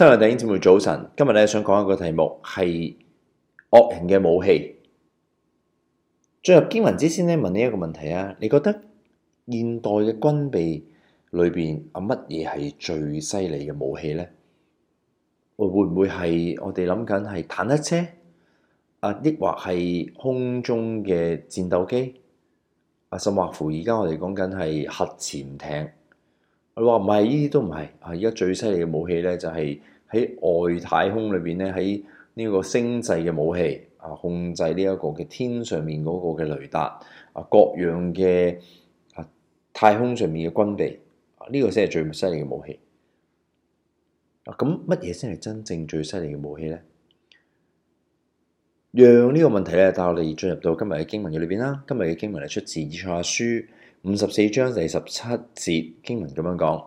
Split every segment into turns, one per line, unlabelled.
親愛的弟兄姊妹，早晨！今日咧想講一個題目，係惡人嘅武器。進入經文之前咧，問你一個問題啊：你覺得現代嘅軍備裏邊啊，乜嘢係最犀利嘅武器呢？會唔會係我哋諗緊係坦克車？啊，抑或係空中嘅戰鬥機？啊，甚或乎而家我哋講緊係核潛艇？佢話唔係，呢啲都唔係。啊，而家最犀利嘅武器咧，就係喺外太空裏邊咧，喺呢個星際嘅武器，啊，控制呢一個嘅天上面嗰個嘅雷達，啊，各樣嘅啊太空上面嘅軍備，呢個先係最犀利嘅武器。啊，咁乜嘢先係真正最犀利嘅武器咧？讓呢個問題咧，帶我哋進入到今日嘅經文嘅裏邊啦。今日嘅經文係出自以賽亞書。五十四章第十七節經文咁樣講：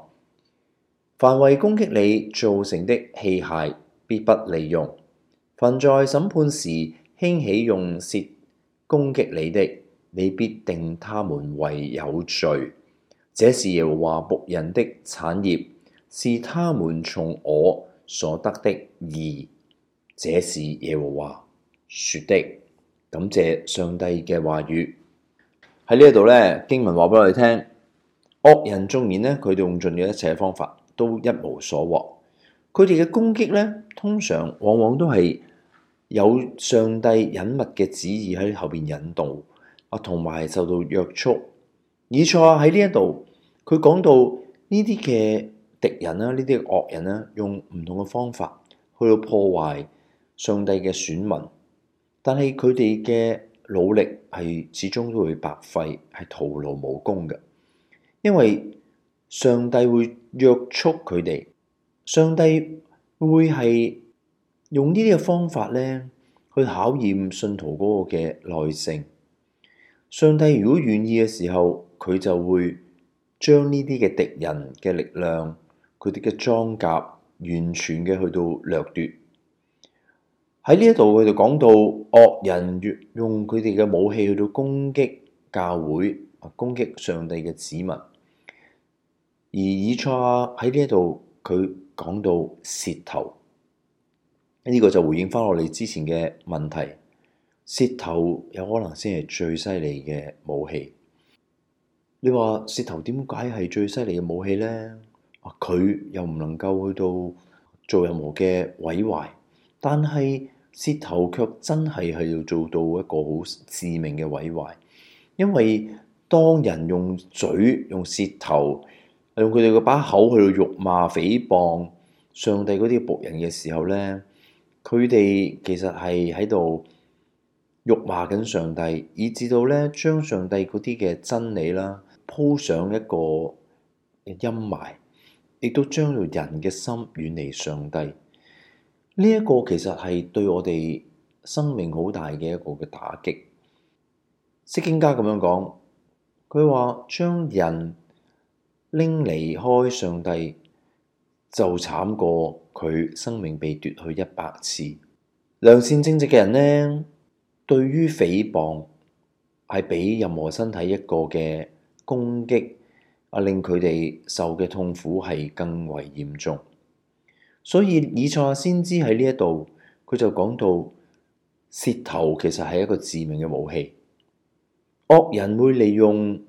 凡為攻擊你造成的器械，必不利用；凡在審判時興起用舌攻擊你的，你必定他們為有罪。這是耶和華僕人的產業，是他們從我所得的義。這是耶和華說的。感謝上帝嘅話語。喺呢一度咧，經文話俾我哋聽，惡人縱然咧，佢哋用盡咗一切方法，都一無所獲。佢哋嘅攻擊咧，通常往往都係有上帝隱密嘅旨意喺後邊引導啊，同埋受到約束。而且喺呢一度，佢講到呢啲嘅敵人啊，呢啲嘅惡人啊，用唔同嘅方法去到破壞上帝嘅選民，但係佢哋嘅。努力係始終都會白費，係徒勞無功嘅，因為上帝會約束佢哋，上帝會係用呢啲嘅方法咧去考驗信徒嗰個嘅耐性。上帝如果願意嘅時候，佢就會將呢啲嘅敵人嘅力量，佢哋嘅裝甲，完全嘅去到掠奪。喺呢一度佢就講到惡人越用佢哋嘅武器去到攻擊教會、攻擊上帝嘅子民，而以賽亞喺呢一度佢講到舌頭，呢個就回應翻我哋之前嘅問題，舌頭有可能先係最犀利嘅武器。你話舌頭點解係最犀利嘅武器呢？佢又唔能夠去到做任何嘅毀壞，但係，舌頭卻真係要做到一個好致命嘅毀壞，因為當人用嘴、用舌頭、用佢哋嘅把口去辱罵、誹謗上帝嗰啲僕人嘅時候咧，佢哋其實係喺度辱罵緊上帝，以至到咧將上帝嗰啲嘅真理啦鋪上一個陰霾，亦都將人嘅心遠離上帝。呢一個其實係對我哋生命好大嘅一個嘅打擊。釋經家咁樣講，佢話將人拎離開上帝就慘過佢生命被奪去一百次。良善正直嘅人呢，對於誹謗係俾任何身體一個嘅攻擊，啊，令佢哋受嘅痛苦係更為嚴重。所以以賽亞先知喺呢一度，佢就講到舌頭其實係一個致命嘅武器。惡人會利用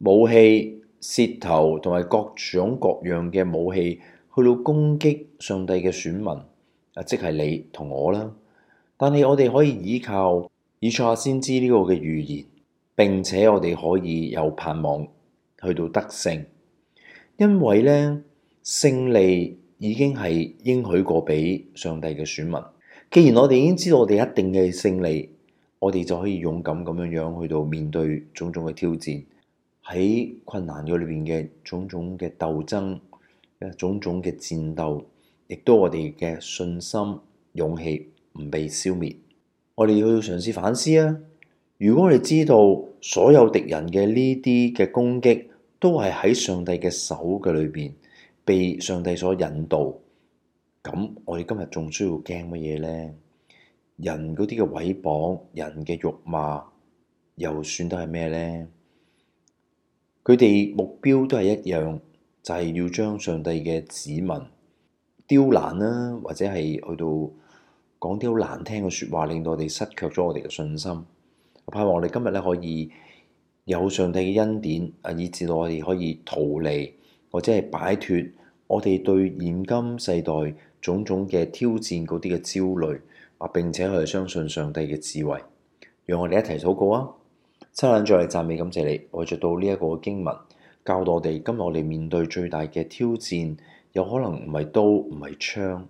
武器、舌頭同埋各種各樣嘅武器去到攻擊上帝嘅選民，啊，即係你同我啦。但係我哋可以依靠以賽亞先知呢個嘅預言，並且我哋可以有盼望去到得勝，因為呢勝利已經係應許過俾上帝嘅選民。既然我哋已經知道我哋一定嘅勝利，我哋就可以勇敢咁樣樣去到面對種種嘅挑戰，喺困難嘅裏面嘅種種嘅鬥爭、種種嘅戰鬥，亦都我哋嘅信心、勇氣唔被消滅。我哋要去嘗試反思啊！如果我哋知道所有敵人嘅呢啲嘅攻擊都係喺上帝嘅手嘅裏邊，被上帝所引導，咁我哋今日仲需要驚乜嘢咧？人嗰啲嘅誹謗、人嘅辱罵，又算得係咩咧？佢哋目標都係一樣，就係、是、要將上帝嘅子民刁難啦，或者係去到講啲好難聽嘅說話，令到我哋失卻咗我哋嘅信心。我盼望我哋今日咧可以有上帝嘅恩典啊，以至到我哋可以逃離或者係擺脫。我哋對現今世代種種嘅挑戰嗰啲嘅焦慮啊，並且我哋相信上帝嘅智慧，讓我哋一齊禱告啊！親眼再嚟讚美感謝你，我著到呢一個經文，教導我哋今日我哋面對最大嘅挑戰，有可能唔係刀，唔係槍，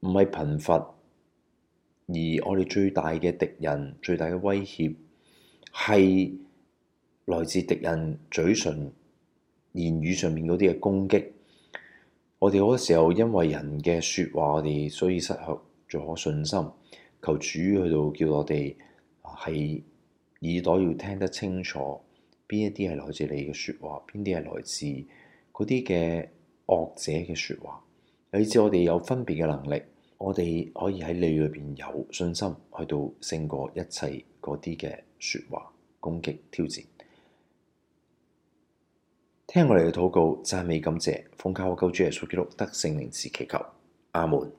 唔係貧乏，而我哋最大嘅敵人、最大嘅威脅係來自敵人嘴唇言語上面嗰啲嘅攻擊。我哋好多時候，因為人嘅説話，我哋所以失去咗信心。求主去到叫我哋喺耳朵要聽得清楚，邊一啲係來自你嘅説話，邊啲係來自嗰啲嘅惡者嘅説話。以致我哋有分別嘅能力，我哋可以喺你裏邊有信心，去到勝過一切嗰啲嘅説話攻擊挑戰。聽我哋嘅禱告、讚美、感謝，奉靠我救主耶穌基督得聖靈時祈求，阿門。